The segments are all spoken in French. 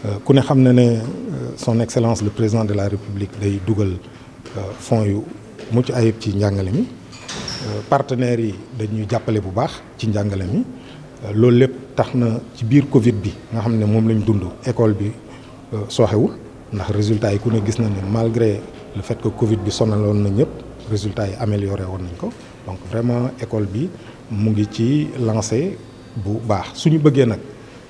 Euh, ku ne xam na ne euh, son excellence le président de la république day dugal euh, fonds yu mucc ayib ci njàngale mi partenaires yi dañuy jàppale bu baax ci njàngale mi loolu lépp tax na ci biir Covid bi nga xam ne moom lañ dund école bi soxewul ndax résultat yi ku ne gis na ne malgré le fait que Covid bi sonaloon na ñëpp résultat yi amélioré woon nañ ko donc vraiment école bi mu ngi ci lancé bu baax suñu bëggee nag.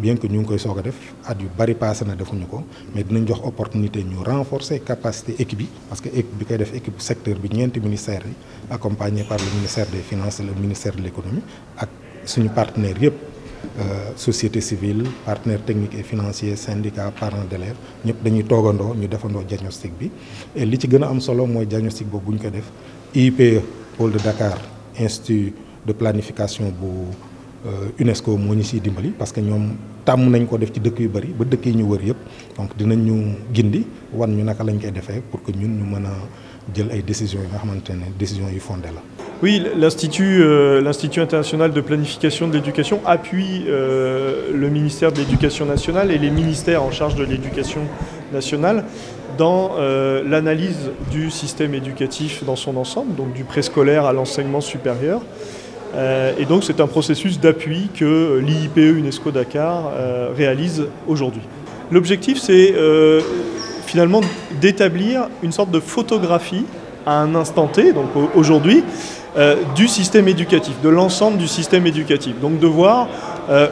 bien que nous ne koy pas def yu bari passé na mais opportunité de renforcer capacité équipe parce que l'équipe du équipe secteur bi ministère accompagné par le ministère des finances et le ministère de l'économie ak suñu partenaires euh, société civile partenaires techniques et financiers syndicats parents d'élèves l'air, dañuy avons ñu defandoo diagnostic bi et li ci gëna am solo moy diagnostic boobu bu ñu ko IPE pôle de Dakar institut de planification pour euh, UNESCO moo ñu dimbali parce que ñom tam nañ ko def ci dëkk yu bari ba dëkk yi ñu wër donc dinañ ñu gindi wan ñu naka lañ koy défé pour que ñun ñu mëna jël ay décisions yi nga décisions fondées la. Oui, euh, l'Institut international de planification de l'éducation appuie euh, le ministère de l'Éducation nationale et les ministères en charge de l'éducation nationale dans l'analyse du système éducatif dans son ensemble, donc du préscolaire à l'enseignement supérieur. Euh, et donc c'est un processus d'appui que euh, l'IIPE UNESCO Dakar euh, réalise aujourd'hui. L'objectif c'est finalement d'établir une sorte de photographie à un instant T, donc aujourd'hui, du système éducatif, de l'ensemble du système éducatif. Donc de voir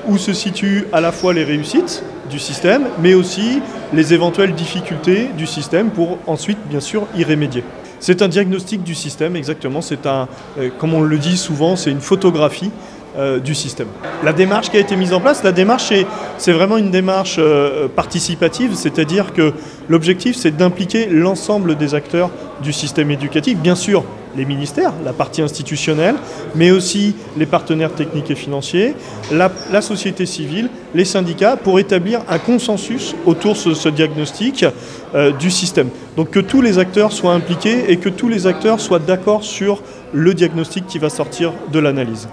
où se situent à la fois les réussites du système, mais aussi les éventuelles difficultés du système pour ensuite, bien sûr, y remédier. C'est un diagnostic du système, exactement. C'est un, euh, comme on le dit souvent, c'est une photographie euh, du système. La démarche qui a été mise en place, la démarche, c'est vraiment une démarche euh, participative, c'est-à-dire que l'objectif, c'est d'impliquer l'ensemble des acteurs du système éducatif. Bien sûr, les ministères, la partie institutionnelle, mais aussi les partenaires techniques et financiers, la, société civile, les syndicats, pour établir un consensus autour de ce, diagnostic euh, du système. Donc que tous les acteurs soient impliqués et que tous les acteurs soient d'accord sur le diagnostic qui va sortir de l'analyse.